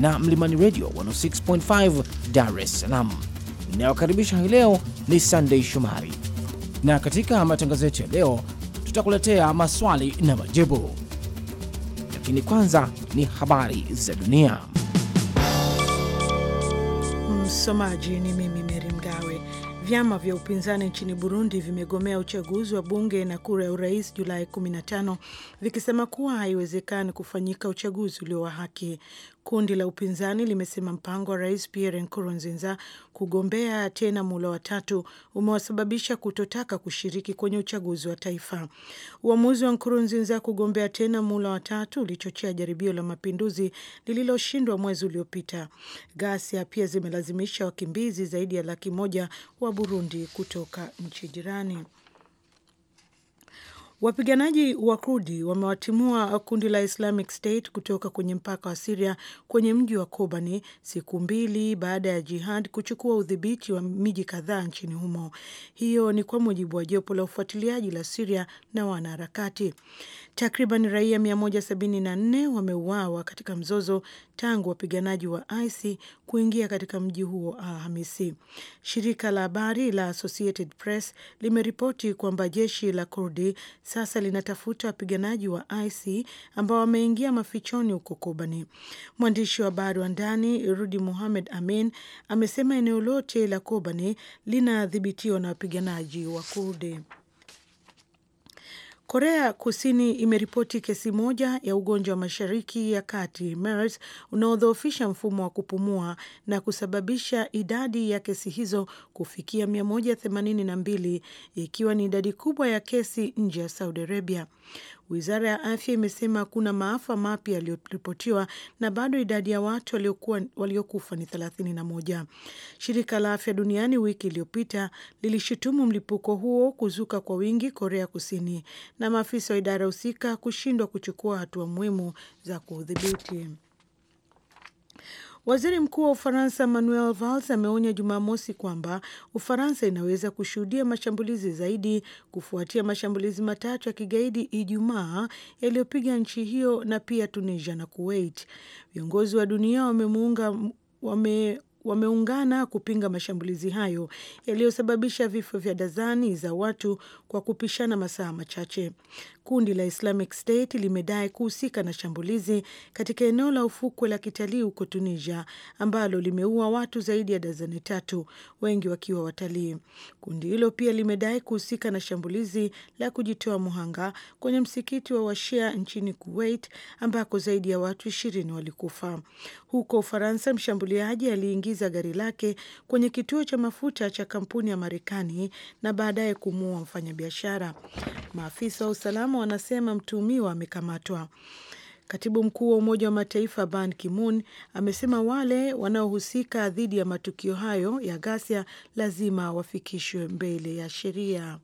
na Mlimani Radio 106.5 Dar es Salaam. Inayokaribisha hii leo ni Sunday Shomari, na katika matangazo yetu ya leo tutakuletea maswali na majibu, lakini kwanza ni habari za dunia. Msomaji ni mimi Meri Mgawe. Vyama vya upinzani nchini Burundi vimegomea uchaguzi wa bunge na kura ya urais Julai 15 vikisema kuwa haiwezekani kufanyika uchaguzi ulio wa haki. Kundi la upinzani limesema mpango wa rais Pierre Nkurunziza kugombea tena muhula wa tatu umewasababisha kutotaka kushiriki kwenye uchaguzi wa taifa. Uamuzi wa Nkurunziza kugombea tena muhula wa tatu ulichochea jaribio la mapinduzi lililoshindwa mwezi uliopita. Ghasia pia zimelazimisha wakimbizi zaidi ya laki moja wa Burundi kutoka nchi jirani. Wapiganaji wa Kurdi wamewatimua kundi la Islamic State kutoka kwenye mpaka wa Siria kwenye mji wa Kobani siku mbili baada ya Jihad kuchukua udhibiti wa miji kadhaa nchini humo. Hiyo ni kwa mujibu wa jopo la ufuatiliaji la Siria na wanaharakati. Takriban raia 174 wameuawa katika mzozo tangu wapiganaji wa ic kuingia katika mji huo Alhamisi. Shirika la habari la Associated Press limeripoti kwamba jeshi la Kurdi sasa linatafuta wapiganaji wa IC ambao wameingia mafichoni huko Kobani. Mwandishi wa habari wa ndani Rudi Muhamed Amin amesema eneo lote la Kobani linadhibitiwa na wapiganaji wa Kurdi. Korea Kusini imeripoti kesi moja ya ugonjwa wa mashariki ya kati MERS unaodhoofisha mfumo wa kupumua na kusababisha idadi ya kesi hizo kufikia 182 ikiwa ni idadi kubwa ya kesi nje ya Saudi Arabia. Wizara ya afya imesema kuna maafa mapya yaliyoripotiwa na bado idadi ya watu waliokufa ni thelathini na moja. Shirika la afya duniani wiki iliyopita lilishutumu mlipuko huo kuzuka kwa wingi Korea Kusini na maafisa wa idara husika kushindwa kuchukua hatua muhimu za kuudhibiti. Waziri Mkuu wa Ufaransa Manuel Valls ameonya Jumamosi kwamba Ufaransa inaweza kushuhudia mashambulizi zaidi kufuatia mashambulizi matatu ya kigaidi Ijumaa yaliyopiga nchi hiyo na pia Tunisia na Kuwait. Viongozi wa dunia wamemuunga wame wameungana kupinga mashambulizi hayo yaliyosababisha vifo vya dazani za watu kwa kupishana masaa machache kundi la Islamic State limedai kuhusika na shambulizi katika eneo la ufukwe la kitalii huko Tunisia ambalo limeua watu zaidi ya dazani tatu, wengi wakiwa watalii. Kundi hilo pia limedai kuhusika na shambulizi la kujitoa muhanga kwenye msikiti wa Washia nchini Kuwait ambako zaidi ya watu ishirini walikufa. Huko Ufaransa, mshambuliaji aliingiza gari lake kwenye kituo cha mafuta cha kampuni ya Marekani na baadaye kumuua mfanyabiashara. Maafisa wa usalama usalama wanasema mtuhumiwa amekamatwa. Katibu mkuu wa Umoja wa Mataifa Ban Ki-moon amesema wale wanaohusika dhidi ya matukio hayo ya ghasia lazima wafikishwe mbele ya sheria.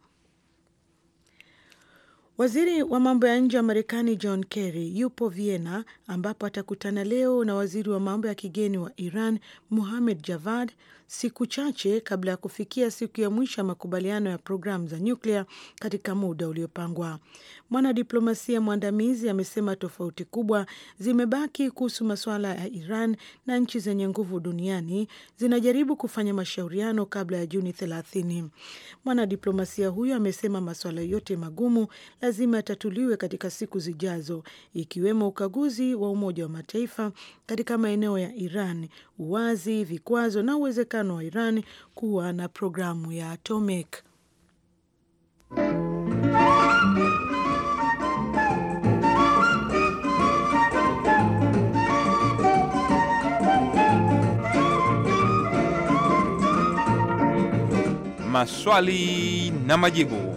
Waziri wa mambo ya nje wa Marekani John Kerry yupo Vienna ambapo atakutana leo na waziri wa mambo ya kigeni wa Iran muhamed Javad, siku chache kabla ya kufikia siku ya mwisho ya makubaliano ya programu za nyuklia katika muda uliopangwa. Mwanadiplomasia mwandamizi amesema tofauti kubwa zimebaki kuhusu masuala ya Iran na nchi zenye nguvu duniani zinajaribu kufanya mashauriano kabla ya Juni 30. Mwanadiplomasia huyo amesema masuala yote magumu lazima yatatuliwe katika siku zijazo, ikiwemo ukaguzi wa Umoja wa Mataifa katika maeneo ya Iran, uwazi, vikwazo na uwezekano wa Iran kuwa na programu ya atomic. Maswali na majibu.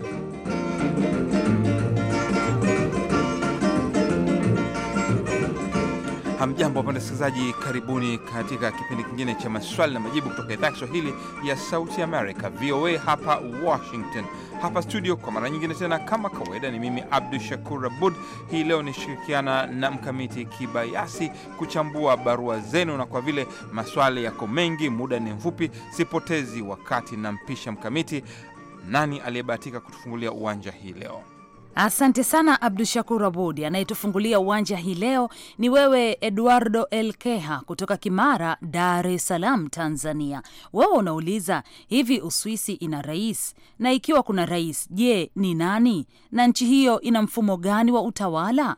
Hamjambo wapenda wasikilizaji, karibuni katika kipindi kingine cha maswali na majibu kutoka idhaa Kiswahili ya sauti Amerika, VOA hapa Washington. Hapa studio kwa mara nyingine tena, kama kawaida, ni mimi Abdu Shakur Abud. Hii leo nishirikiana na Mkamiti Kibayasi kuchambua barua zenu, na kwa vile maswali yako mengi, muda ni mfupi, sipotezi wakati na mpisha Mkamiti. Nani aliyebahatika kutufungulia uwanja hii leo? Asante sana Abdu Shakur Abud. Anayetufungulia uwanja hii leo ni wewe Eduardo Elkeha kutoka Kimara, Dar es Salaam, Tanzania. Wewe unauliza hivi, Uswisi ina rais? Na ikiwa kuna rais, je, ni nani? Na nchi hiyo ina mfumo gani wa utawala?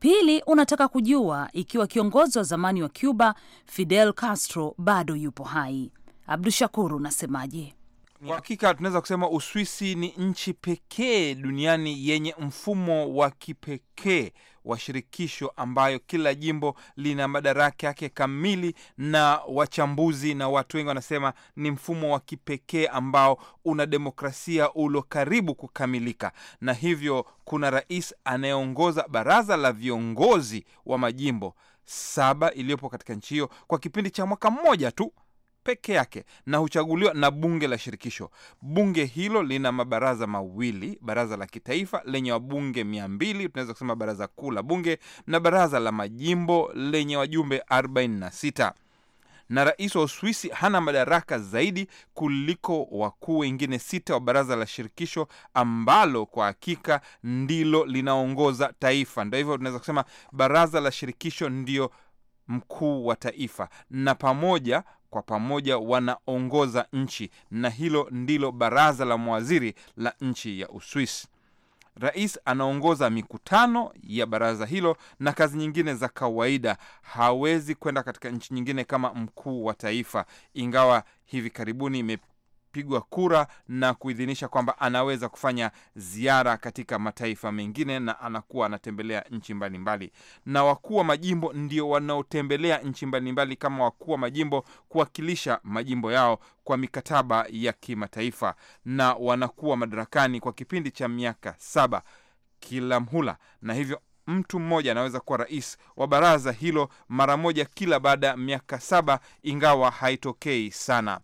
Pili, unataka kujua ikiwa kiongozi wa zamani wa Cuba Fidel Castro bado yupo hai. Abdu Shakur, unasemaje? Kwa hakika tunaweza kusema Uswisi ni nchi pekee duniani yenye mfumo wa kipekee wa shirikisho ambayo kila jimbo lina madaraka yake kamili, na wachambuzi na watu wengi wanasema ni mfumo wa kipekee ambao una demokrasia ulo karibu kukamilika, na hivyo kuna rais anayeongoza baraza la viongozi wa majimbo saba iliyopo katika nchi hiyo kwa kipindi cha mwaka mmoja tu peke yake na huchaguliwa na bunge la shirikisho. Bunge hilo lina mabaraza mawili, baraza la kitaifa lenye wabunge mia mbili, tunaweza kusema baraza kuu la bunge, na baraza la majimbo lenye wajumbe 46 na rais wa Uswisi hana madaraka zaidi kuliko wakuu wengine sita wa baraza la shirikisho ambalo kwa hakika ndilo linaongoza taifa. ndo hivyo tunaweza kusema baraza la shirikisho ndio mkuu wa taifa, na pamoja kwa pamoja wanaongoza nchi, na hilo ndilo baraza la mawaziri la nchi ya Uswisi. Rais anaongoza mikutano ya baraza hilo na kazi nyingine za kawaida. Hawezi kwenda katika nchi nyingine kama mkuu wa taifa, ingawa hivi karibuni kupigwa kura na kuidhinisha kwamba anaweza kufanya ziara katika mataifa mengine na anakuwa anatembelea nchi mbalimbali. Na wakuu wa majimbo ndio wanaotembelea nchi mbalimbali kama wakuu wa majimbo kuwakilisha majimbo yao kwa mikataba ya kimataifa, na wanakuwa madarakani kwa kipindi cha miaka saba kila mhula, na hivyo mtu mmoja anaweza kuwa rais wa baraza hilo mara moja kila baada ya miaka saba, ingawa haitokei sana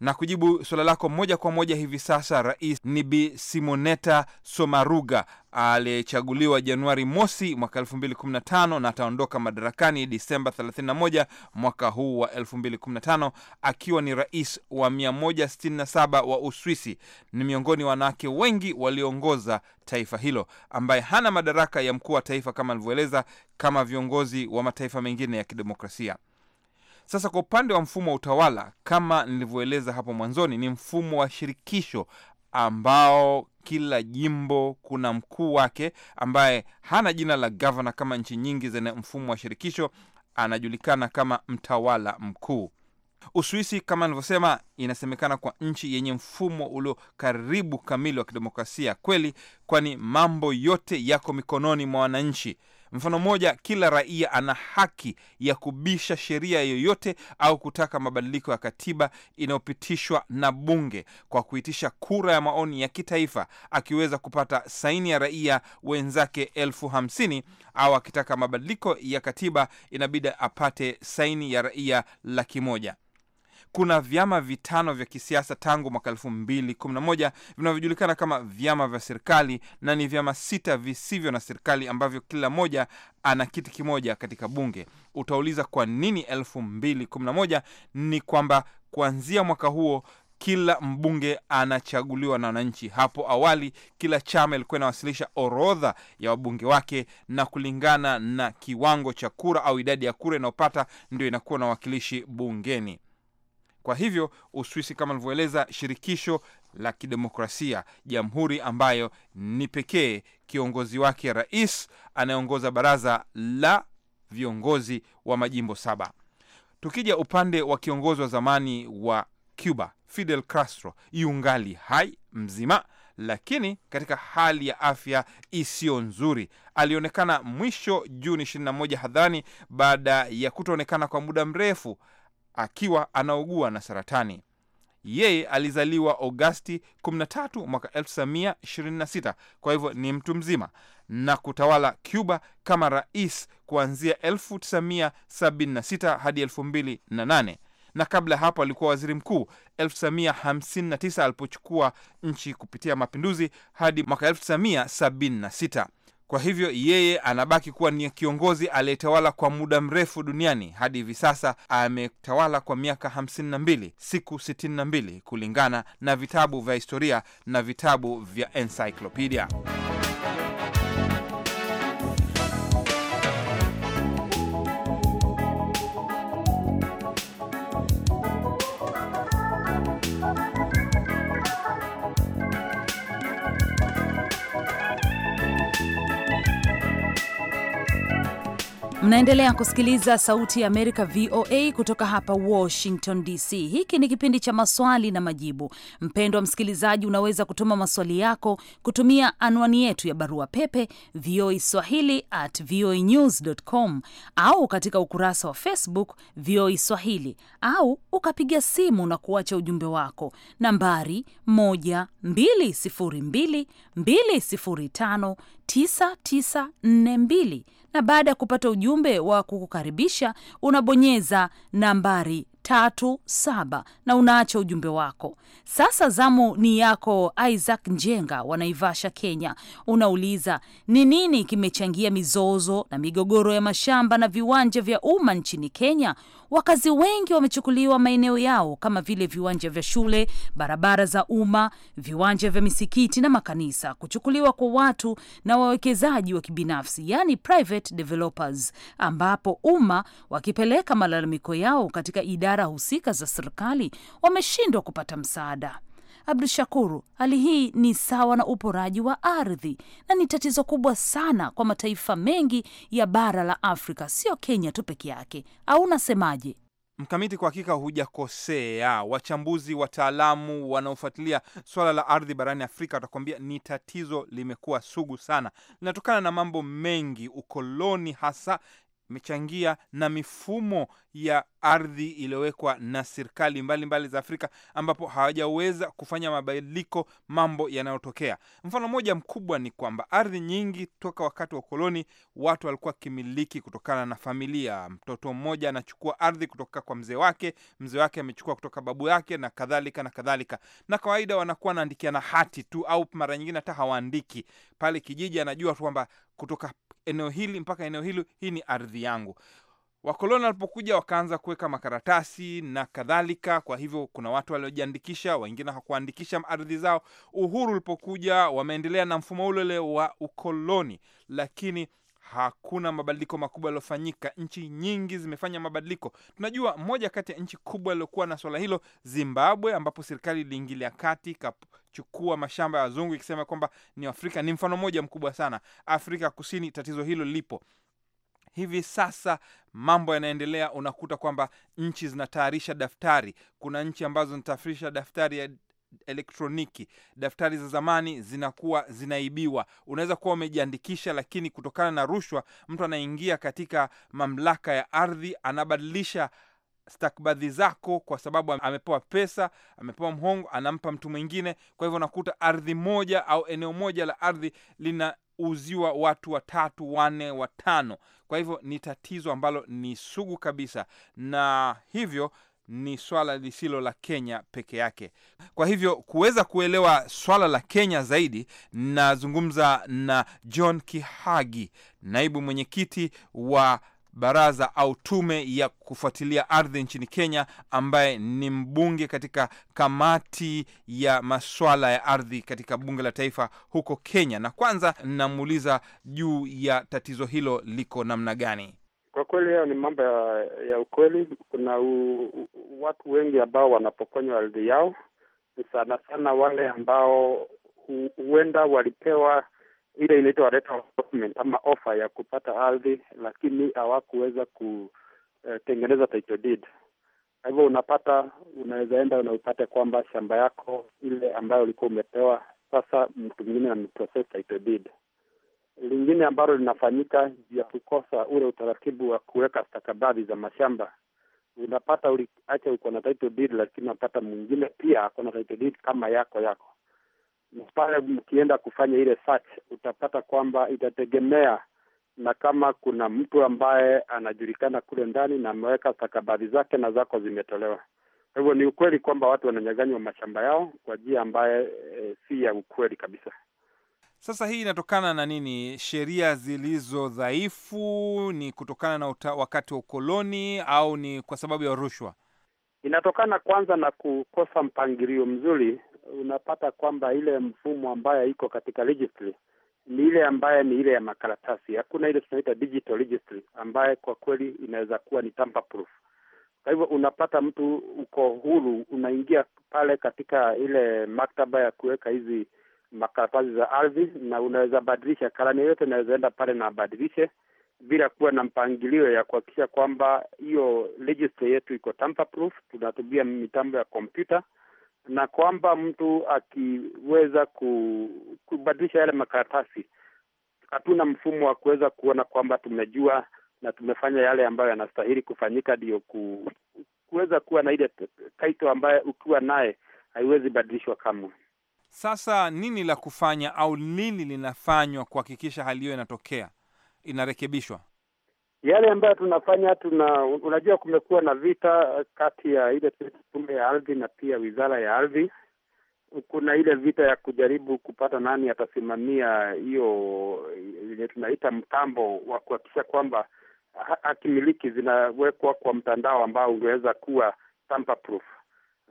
na kujibu suala lako moja kwa moja hivi sasa, rais ni Bi Simoneta Somaruga aliyechaguliwa Januari mosi mwaka 2015 na ataondoka madarakani Disemba 31 mwaka huu wa 2015 akiwa ni rais wa 167 wa Uswisi. Ni miongoni wanawake wengi walioongoza taifa hilo, ambaye hana madaraka ya mkuu wa taifa kama alivyoeleza, kama viongozi wa mataifa mengine ya kidemokrasia. Sasa kwa upande wa mfumo wa utawala, kama nilivyoeleza hapo mwanzoni, ni mfumo wa shirikisho ambao kila jimbo kuna mkuu wake ambaye hana jina la gavana kama nchi nyingi zenye mfumo wa shirikisho, anajulikana kama mtawala mkuu. Uswisi kama nilivyosema, inasemekana kwa nchi yenye mfumo ulio karibu kamili wa kidemokrasia kweli, kwani mambo yote yako mikononi mwa wananchi. Mfano mmoja, kila raia ana haki ya kubisha sheria yoyote au kutaka mabadiliko ya katiba inayopitishwa na bunge kwa kuitisha kura ya maoni ya kitaifa, akiweza kupata saini ya raia wenzake elfu hamsini au akitaka mabadiliko ya katiba inabidi apate saini ya raia laki moja kuna vyama vitano vya kisiasa tangu mwaka elfu mbili kumi na moja vinavyojulikana kama vyama vya serikali, na ni vyama sita visivyo na serikali ambavyo kila moja ana kiti kimoja katika bunge. Utauliza kwa nini elfu mbili kumi na moja? Ni kwamba kuanzia mwaka huo kila mbunge anachaguliwa na wananchi. Hapo awali kila chama ilikuwa inawasilisha orodha ya wabunge wake, na kulingana na kiwango cha kura au idadi ya kura inayopata ndio inakuwa na wakilishi bungeni. Kwa hivyo Uswisi, kama alivyoeleza, shirikisho la kidemokrasia, jamhuri ambayo ni pekee kiongozi wake rais anayeongoza baraza la viongozi wa majimbo saba. Tukija upande wa kiongozi wa zamani wa Cuba Fidel Castro, yungali hai mzima, lakini katika hali ya afya isiyo nzuri. Alionekana mwisho Juni 21 hadharani baada ya kutoonekana kwa muda mrefu akiwa anaugua na saratani. Yeye alizaliwa Agosti 13 mwaka 1926, kwa hivyo ni mtu mzima na kutawala Cuba kama rais kuanzia 1976 hadi 2008 na kabla ya hapo alikuwa waziri mkuu 1959 alipochukua nchi kupitia mapinduzi hadi mwaka 1976. Kwa hivyo yeye anabaki kuwa ni kiongozi aliyetawala kwa muda mrefu duniani hadi hivi sasa. Ametawala kwa miaka hamsini na mbili siku sitini na mbili kulingana na vitabu vya historia na vitabu vya encyclopedia. Mnaendelea kusikiliza Sauti ya Amerika, VOA, kutoka hapa Washington DC. Hiki ni kipindi cha maswali na majibu. Mpendwa msikilizaji, unaweza kutuma maswali yako kutumia anwani yetu ya barua pepe voa e swahili at voa e news com, au katika ukurasa wa Facebook VOA e Swahili, au ukapiga simu na kuacha ujumbe wako nambari 12022059942 na baada ya kupata ujumbe wa kukukaribisha unabonyeza nambari tatu saba na unaacha ujumbe wako. Sasa zamu ni yako Isaac Njenga wa Naivasha, Kenya. Unauliza ni nini kimechangia mizozo na migogoro ya mashamba na viwanja vya umma nchini Kenya? Wakazi wengi wamechukuliwa maeneo yao kama vile viwanja vya shule, barabara za umma, viwanja vya misikiti na makanisa, kuchukuliwa kwa watu na wawekezaji wa kibinafsi, yani private developers, ambapo umma wakipeleka malalamiko yao katika idara husika za serikali wameshindwa kupata msaada. Abdu Shakuru, hali hii ni sawa na uporaji wa ardhi na ni tatizo kubwa sana kwa mataifa mengi ya bara la Afrika, sio Kenya tu peke yake, au unasemaje? Mkamiti, kwa hakika hujakosea. Wachambuzi, wataalamu wanaofuatilia swala la ardhi barani Afrika watakuambia ni tatizo limekuwa sugu sana, linatokana na mambo mengi, ukoloni hasa imechangia na mifumo ya ardhi iliyowekwa na serikali mbalimbali za Afrika ambapo hawajaweza kufanya mabadiliko mambo yanayotokea. Mfano mmoja mkubwa ni kwamba ardhi nyingi toka wakati wa ukoloni watu walikuwa kimiliki kutokana na familia. Mtoto mmoja anachukua ardhi kutoka kwa mzee wake, mzee wake amechukua kutoka babu yake na kadhalika na kadhalika, na kawaida wanakuwa wanaandikiana hati tu, au mara nyingine hata hawaandiki pale kijiji, anajua tu kwamba kutoka eneo hili mpaka eneo hili, hii ni ardhi yangu. Wakoloni walipokuja wakaanza kuweka makaratasi na kadhalika. Kwa hivyo kuna watu waliojiandikisha, wengine hawakuandikisha ardhi zao. Uhuru ulipokuja, wameendelea na mfumo ule ule wa ukoloni, lakini hakuna mabadiliko makubwa yaliyofanyika. Nchi nyingi zimefanya mabadiliko. Tunajua moja kati ya nchi kubwa iliyokuwa na swala hilo Zimbabwe, ambapo serikali iliingilia kati ikachukua mashamba ya wazungu ikisema kwamba ni Afrika ni mfano moja mkubwa sana. Afrika Kusini tatizo hilo lipo hivi sasa mambo yanaendelea. Unakuta kwamba nchi zinatayarisha daftari. Kuna nchi ambazo zinatayarisha daftari ya elektroniki. Daftari za zamani zinakuwa zinaibiwa. Unaweza kuwa umejiandikisha, lakini kutokana na rushwa, mtu anaingia katika mamlaka ya ardhi, anabadilisha stakabadhi zako kwa sababu amepewa pesa, amepewa mhongo, anampa mtu mwingine. Kwa hivyo unakuta ardhi moja au eneo moja la ardhi linauziwa watu watatu, wanne, watano. Kwa hivyo ni tatizo ambalo ni sugu kabisa, na hivyo ni swala lisilo la Kenya peke yake. Kwa hivyo kuweza kuelewa swala la Kenya zaidi, nazungumza na John Kihagi, naibu mwenyekiti wa baraza au tume ya kufuatilia ardhi nchini Kenya, ambaye ni mbunge katika kamati ya maswala ya ardhi katika bunge la taifa huko Kenya, na kwanza namuuliza juu ya tatizo hilo liko namna gani. Kwa kweli hayo ni mambo ya, ya ukweli. Kuna u, u, watu wengi ambao wanapokonywa ardhi yao ni sana sana wale ambao huenda walipewa ile inaitwa letter of document ama ofa ya kupata ardhi, lakini hawakuweza kutengeneza eh, title deed. Kwa hivyo unapata, unaweza enda na upate kwamba shamba yako ile ambayo ulikuwa umepewa sasa mtu mwingine ameprocess title deed lingine ambalo linafanyika juu ya kukosa ule utaratibu wa kuweka stakabadhi za mashamba. Unapata uliacha uko na title deed, lakini unapata mwingine pia ako na title deed kama yako yako, na pale mkienda kufanya ile search utapata kwamba itategemea na kama kuna mtu ambaye anajulikana kule ndani na ameweka stakabadhi zake na zako zimetolewa. Kwa hivyo ni ukweli kwamba watu wananyang'anywa mashamba yao kwa njia ambaye e, si ya ukweli kabisa. Sasa hii inatokana na nini? Sheria zilizo dhaifu? Ni kutokana na uta, wakati wa ukoloni au ni kwa sababu ya rushwa? Inatokana kwanza na kukosa mpangilio mzuri. Unapata kwamba ile mfumo ambayo iko katika registry ni ile ambayo ni ile ya makaratasi, hakuna ile tunaita digital registry ambayo kwa kweli inaweza kuwa ni tamper proof. Kwa hivyo unapata mtu uko huru, unaingia pale katika ile maktaba ya kuweka hizi makaratasi za ardhi, na unaweza badilisha, karani yoyote inawezaenda enda pale na abadilishe bila kuwa na mpangilio ya kuhakikisha kwamba hiyo registry yetu iko tamper proof. Tunatumia mitambo ya kompyuta na kwamba mtu akiweza kubadilisha yale makaratasi, hatuna mfumo wa kuweza kuona kwamba tumejua na tumefanya yale ambayo yanastahili kufanyika, ndiyo ku, kuweza kuwa na ile kaito ambayo ukiwa naye haiwezi badilishwa kamwe. Sasa nini la kufanya au nini linafanywa kuhakikisha hali hiyo inatokea, inarekebishwa? Yale ambayo tunafanya tuna, unajua kumekuwa na vita eh, kati ya ile tume ya ardhi na pia wizara ya ardhi. Kuna ile vita ya kujaribu kupata nani atasimamia hiyo yenye tunaita mtambo wa kuhakikisha kwamba hakimiliki zinawekwa kwa mtandao ambao ungeweza kuwa tamper proof,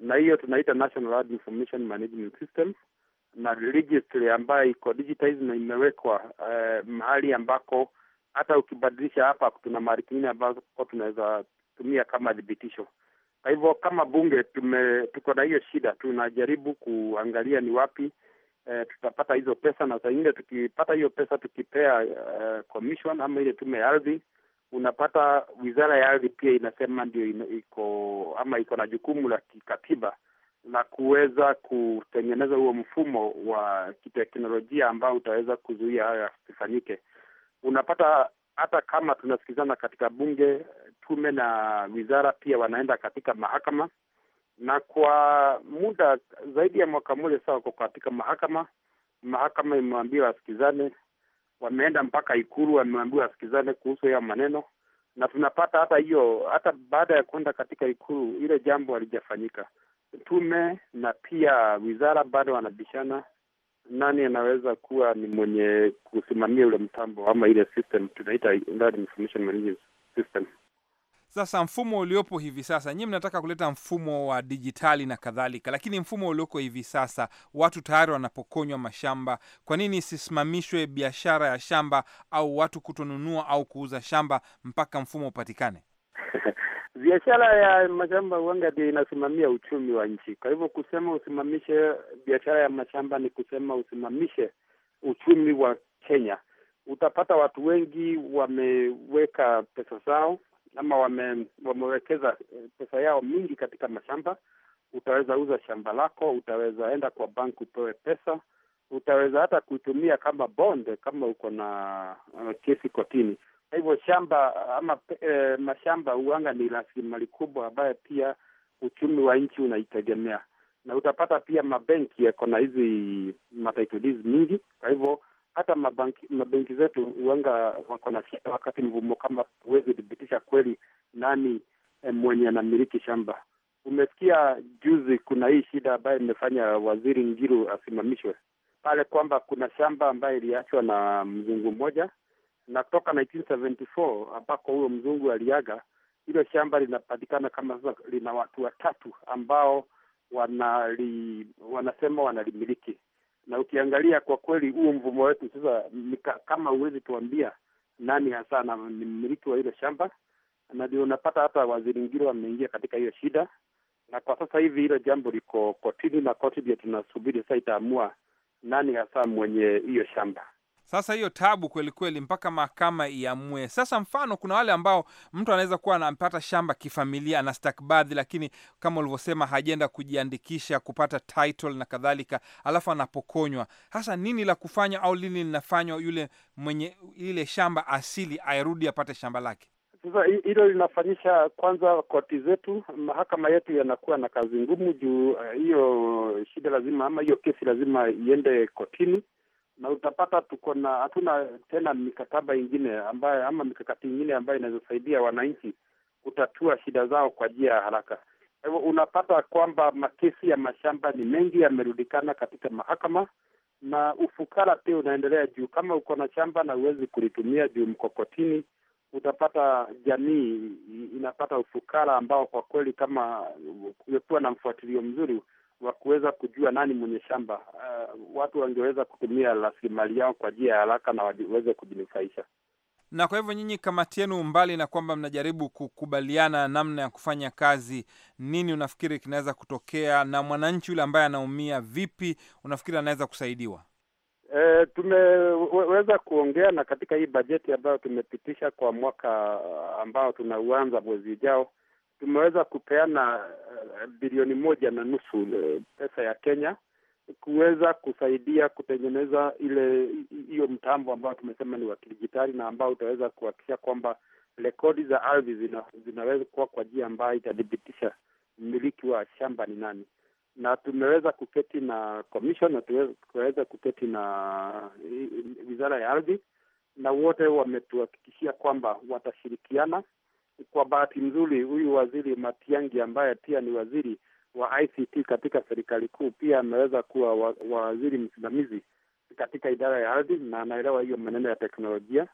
na hiyo tunaita National Information Management System na registry ambayo iko digitized na imewekwa uh, mahali ambako hata ukibadilisha hapa tuna mahali kingine ambazo tunaweza tumia kama dhibitisho. Kwa hivyo kama bunge tume, tuko na hiyo shida, tunajaribu kuangalia ni wapi E, tutapata hizo pesa, na saa ingine tukipata hiyo pesa tukipea eh, commission ama ile tume ya ardhi, unapata wizara ya ardhi pia inasema ndio iko ama iko na jukumu la kikatiba na kuweza kutengeneza huo mfumo wa kiteknolojia ambao utaweza kuzuia hayo yasifanyike. Unapata hata kama tunasikizana katika bunge, tume na wizara pia wanaenda katika mahakama, na kwa muda zaidi ya mwaka mmoja sasa wako katika mahakama. Mahakama imewambia wasikizane, wameenda mpaka Ikulu, wameambiwa wasikizane kuhusu hayo maneno, na tunapata hata hiyo, hata baada ya kuenda katika Ikulu ile jambo halijafanyika tume na pia wizara bado wanabishana nani anaweza kuwa ni mwenye kusimamia ule mtambo ama ile system tunaita information management system. Sasa mfumo uliopo hivi sasa, nyinyi mnataka kuleta mfumo wa dijitali na kadhalika, lakini mfumo ulioko hivi sasa, watu tayari wanapokonywa mashamba. Kwa nini isisimamishwe biashara ya shamba au watu kutonunua au kuuza shamba mpaka mfumo upatikane? biashara ya mashamba huanga ndio inasimamia uchumi wa nchi. Kwa hivyo kusema usimamishe biashara ya mashamba ni kusema usimamishe uchumi wa Kenya. Utapata watu wengi wameweka pesa zao ama wame, wamewekeza eh, pesa yao mingi katika mashamba. Utaweza uza shamba lako, utaweza enda kwa banki upewe pesa, utaweza hata kuitumia kama bonde kama uko na uh, kesi kotini hivyo shamba ama e, mashamba uanga ni rasilimali kubwa ambayo pia uchumi wa nchi unaitegemea, na utapata pia mabenki yako na hizi matitle mingi. Kwa hivyo hata mabanki, mabenki zetu uanga wako na shida wakati mvumo, kama huwezi thibitisha kweli nani e, mwenye anamiliki shamba. Umesikia juzi kuna hii shida ambayo imefanya waziri Ngiru asimamishwe pale, kwamba kuna shamba ambayo iliachwa na mzungu mmoja na toka 1974 ambako huyo mzungu aliaga, hilo shamba linapatikana kama sasa lina watu watatu ambao wanali, wanasema wanalimiliki. Na ukiangalia kwa kweli, huo mvumo wetu sasa kama huwezi tuambia nani hasa na ni mmiliki wa hilo shamba, na ndio unapata hata waziri ngiro wameingia katika hiyo shida, na kwa sasa hivi hilo jambo liko kotini, na koti ndio tunasubiri sasa itaamua nani hasa mwenye hiyo shamba. Sasa hiyo tabu kweli kweli, mpaka mahakama iamue. Sasa mfano, kuna wale ambao mtu anaweza kuwa anapata shamba kifamilia na stakabadhi, lakini kama ulivyosema hajaenda kujiandikisha kupata title na kadhalika, alafu anapokonywa. Sasa nini la kufanya au lini linafanywa yule mwenye ile shamba asili airudi apate shamba lake? Sasa hilo linafanyisha kwanza, koti zetu, mahakama yetu yanakuwa na kazi ngumu juu eh, hiyo uh, shida lazima ama hiyo kesi lazima iende kotini na utapata tuko na hatuna tena mikataba ingine ambayo, ama mikakati ingine ambayo inazosaidia wananchi kutatua shida zao kwa njia ya haraka. Kwa hivyo unapata kwamba makesi ya mashamba ni mengi yamerudikana katika mahakama, na ufukara pia unaendelea juu. Kama uko na shamba na huwezi kulitumia juu mkokotini, utapata jamii inapata ufukara ambao kwa kweli, kama ungekuwa na mfuatilio mzuri, wa kuweza kujua nani mwenye shamba uh, watu wangeweza kutumia rasilimali yao kwa njia ya haraka na waweze kujinufaisha. Na kwa hivyo nyinyi, kamati yenu, mbali na kwamba mnajaribu kukubaliana namna ya kufanya kazi, nini unafikiri kinaweza kutokea? Na mwananchi yule ambaye anaumia, vipi unafikiri anaweza kusaidiwa? E, tumeweza kuongea na katika hii bajeti ambayo tumepitisha kwa mwaka uh, ambao tunauanza mwezi ujao tumeweza kupeana eh, bilioni moja na nusu eh, pesa ya Kenya kuweza kusaidia kutengeneza ile hiyo mtambo ambao tumesema ni wa kidijitali na ambao utaweza kuhakikisha kwamba rekodi za ardhi zina, zinaweza kuwa kwa njia ambayo itathibitisha mmiliki wa shamba ni nani, na tumeweza kuketi na commission na tukaweza kuketi na eh, wizara ya ardhi, na wote wametuhakikishia kwamba watashirikiana kwa bahati nzuri huyu waziri Matiang'i ambaye pia ni waziri wa ICT katika serikali kuu pia ameweza kuwa wa, waziri msimamizi katika idara ya ardhi na anaelewa hiyo maneno ya teknolojia.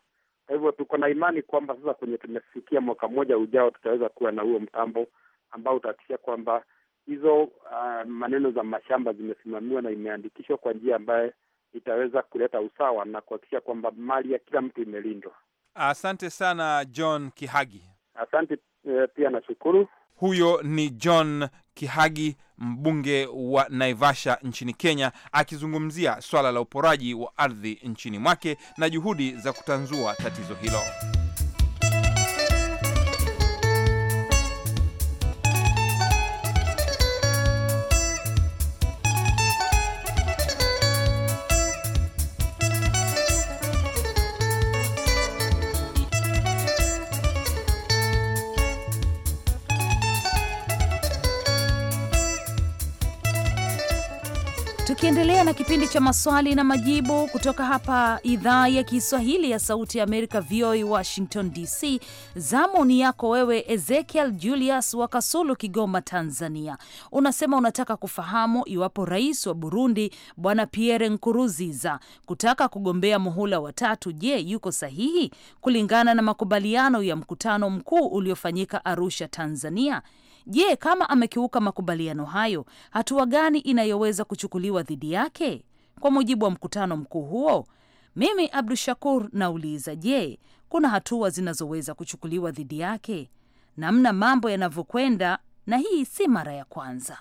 Kwa hivyo tuko na imani kwamba sasa kwenye tumefikia mwaka mmoja ujao, tutaweza kuwa na huo mtambo ambao utahakikisha kwamba hizo uh, maneno za mashamba zimesimamiwa na imeandikishwa kwa njia ambaye itaweza kuleta usawa na kuhakikisha kwamba mali ya kila mtu imelindwa. Asante sana John Kihagi. Asante eh, pia nashukuru. Huyo ni John Kihagi, mbunge wa Naivasha nchini Kenya, akizungumzia swala la uporaji wa ardhi nchini mwake na juhudi za kutanzua tatizo hilo. Tukiendelea na kipindi cha maswali na majibu kutoka hapa idhaa ya Kiswahili ya Sauti ya Amerika, VOA Washington DC. Zamu ni yako wewe, Ezekiel Julius wa Kasulu, Kigoma, Tanzania. Unasema unataka kufahamu iwapo rais wa Burundi Bwana Pierre Nkurunziza kutaka kugombea muhula wa tatu, je, yuko sahihi kulingana na makubaliano ya mkutano mkuu uliofanyika Arusha, Tanzania? Je, kama amekiuka makubaliano hayo, hatua gani inayoweza kuchukuliwa dhidi yake? Kwa mujibu wa mkutano mkuu huo, mimi Abdu Shakur nauliza, je, kuna hatua zinazoweza kuchukuliwa dhidi yake? Namna mambo yanavyokwenda, na hii si mara ya kwanza.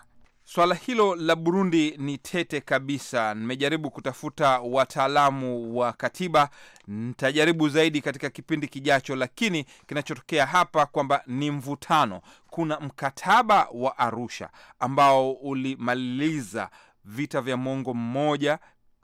Swala hilo la Burundi ni tete kabisa. Nimejaribu kutafuta wataalamu wa katiba, nitajaribu zaidi katika kipindi kijacho, lakini kinachotokea hapa kwamba ni mvutano. Kuna mkataba wa Arusha ambao ulimaliza vita vya mwongo mmoja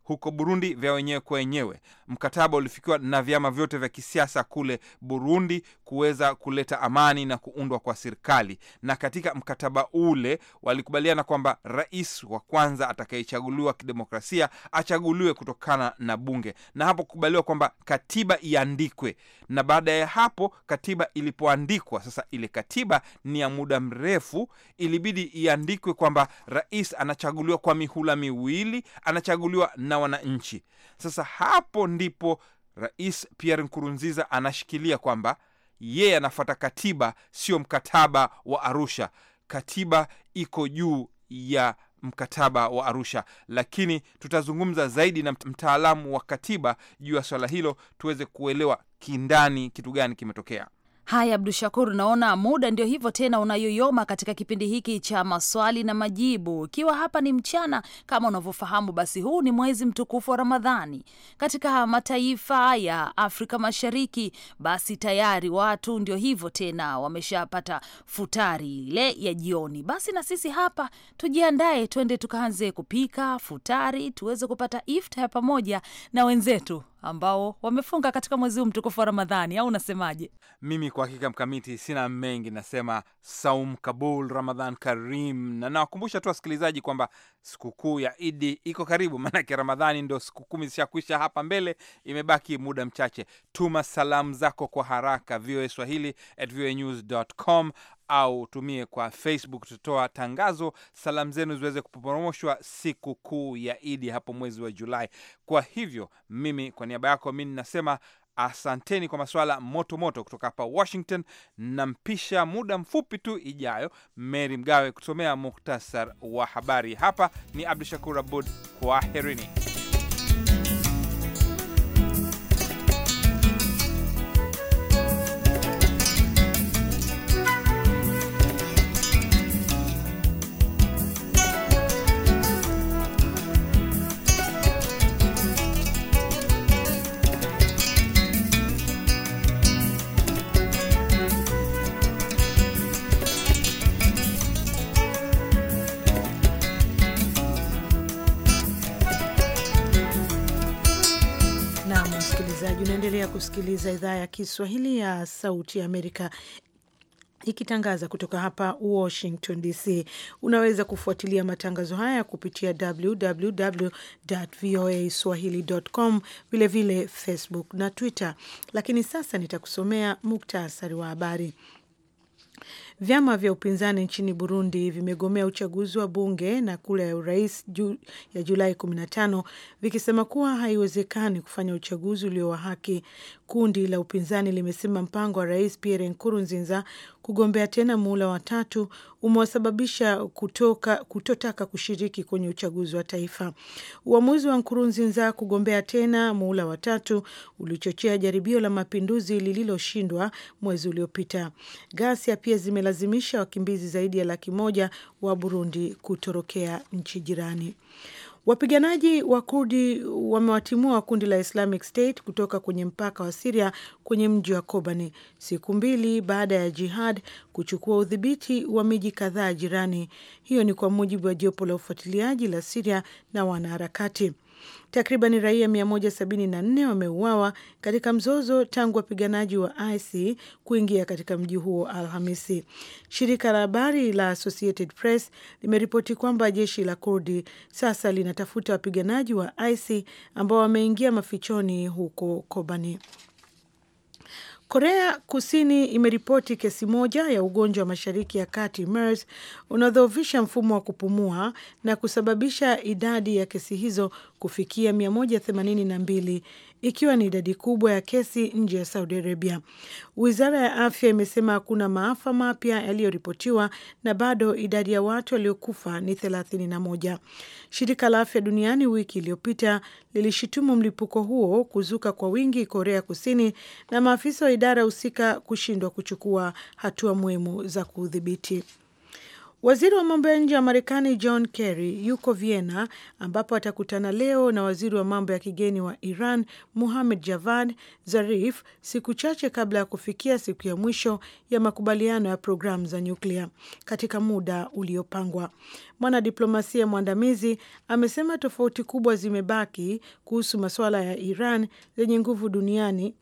huko Burundi vya wenyewe kwa wenyewe. Mkataba ulifikiwa na vyama vyote vya kisiasa kule Burundi kuweza kuleta amani na kuundwa kwa serikali, na katika mkataba ule walikubaliana kwamba rais wa kwanza atakayechaguliwa kidemokrasia achaguliwe kutokana na bunge, na hapo kukubaliwa kwamba katiba iandikwe. Na baada ya hapo katiba ilipoandikwa, sasa ile katiba ni ya muda mrefu, ilibidi iandikwe kwamba rais anachaguliwa kwa mihula miwili, anachaguliwa na na wananchi. Sasa hapo ndipo Rais Pierre Nkurunziza anashikilia kwamba yeye anafuata katiba, sio mkataba wa Arusha. Katiba iko juu ya mkataba wa Arusha, lakini tutazungumza zaidi na mtaalamu wa katiba juu ya swala hilo, tuweze kuelewa kindani kitu gani kimetokea. Haya, Abdu Shakur, naona muda ndio hivyo tena unayoyoma katika kipindi hiki cha maswali na majibu, ikiwa hapa ni mchana. Kama unavyofahamu, basi huu ni mwezi mtukufu wa Ramadhani katika mataifa ya Afrika Mashariki. Basi tayari watu ndio hivyo tena wameshapata futari ile ya jioni. Basi na sisi hapa tujiandae, twende tukaanze kupika futari tuweze kupata ifta ya pamoja na wenzetu ambao wamefunga katika mwezi huu mtukufu wa Ramadhani, au unasemaje? Mimi kwa hakika Mkamiti sina mengi, nasema saum kabul, Ramadhan karim, na nawakumbusha tu wasikilizaji kwamba sikukuu ya Idi iko karibu, maanake Ramadhani ndo siku kumi zishakwisha hapa mbele, imebaki muda mchache. Tuma salamu zako kwa haraka, voa swahili at voanews.com au utumie kwa Facebook. Tutatoa tangazo, salamu zenu ziweze kuporomoshwa siku kuu ya Idi hapo mwezi wa Julai. Kwa hivyo mimi kwa niaba yako mi ninasema asanteni kwa masuala moto moto kutoka hapa Washington. Nampisha muda mfupi tu ijayo Mary Mgawe kusomea muhtasar wa habari. Hapa ni Abdu Shakur Abud, kwaherini. Unaendelea kusikiliza idhaa ya Kiswahili ya Sauti ya Amerika ikitangaza kutoka hapa Washington DC. Unaweza kufuatilia matangazo haya kupitia www voa swahili.com, vilevile Facebook na Twitter. Lakini sasa nitakusomea muktasari wa habari. Vyama vya upinzani nchini Burundi vimegomea uchaguzi wa bunge na kura ya urais ju ya Julai 15 vikisema kuwa haiwezekani kufanya uchaguzi ulio wa haki. Kundi la upinzani limesema mpango wa Rais Pierre Nkurunziza kugombea tena muhula wa tatu umewasababisha kutoka kutotaka kushiriki kwenye uchaguzi wa taifa. Uamuzi wa Nkurunziza kugombea tena muhula wa tatu ulichochea jaribio la mapinduzi lililoshindwa mwezi uliopita. Ghasia pia zimela kuwalazimisha wakimbizi zaidi ya laki moja wa Burundi kutorokea nchi jirani. Wapiganaji wa Kurdi wamewatimua kundi la Islamic State kutoka kwenye mpaka wa Siria kwenye mji wa Kobani siku mbili baada ya Jihad kuchukua udhibiti wa miji kadhaa jirani. Hiyo ni kwa mujibu wa jopo la ufuatiliaji la Siria na wanaharakati. Takriban raia 174 wameuawa katika mzozo tangu wapiganaji wa IC kuingia katika mji huo Alhamisi. Shirika la habari la Associated Press limeripoti kwamba jeshi la Kurdi sasa linatafuta wapiganaji wa IC ambao wameingia mafichoni huko Kobani. Korea Kusini imeripoti kesi moja ya ugonjwa wa mashariki ya kati MERS unaodhoofisha mfumo wa kupumua na kusababisha idadi ya kesi hizo kufikia 182 ikiwa ni idadi kubwa ya kesi nje ya Saudi Arabia. Wizara ya afya imesema kuna maafa mapya yaliyoripotiwa na bado idadi ya watu waliokufa ni thelathini na moja Shirika la Afya Duniani wiki iliyopita lilishutumu mlipuko huo kuzuka kwa wingi Korea Kusini na maafisa wa idara husika kushindwa kuchukua hatua muhimu za kuudhibiti. Waziri wa mambo ya nje wa Marekani John Kerry yuko Vienna ambapo atakutana leo na waziri wa mambo ya kigeni wa Iran Muhammad Javad Zarif siku chache kabla ya kufikia siku ya mwisho ya makubaliano ya programu za nyuklia katika muda uliopangwa. Mwanadiplomasia mwandamizi amesema tofauti kubwa zimebaki kuhusu masuala ya Iran zenye nguvu duniani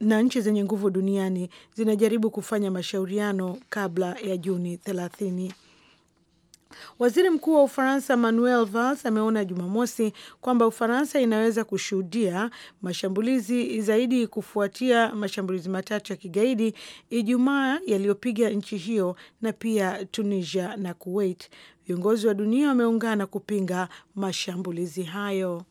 na nchi zenye nguvu duniani zinajaribu kufanya mashauriano kabla ya Juni 30. Waziri Mkuu wa Ufaransa Manuel Valls ameona Jumamosi kwamba Ufaransa inaweza kushuhudia mashambulizi zaidi kufuatia mashambulizi matatu ya kigaidi Ijumaa yaliyopiga nchi hiyo na pia Tunisia na Kuwait. Viongozi wa dunia wameungana kupinga mashambulizi hayo.